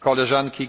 koleżanki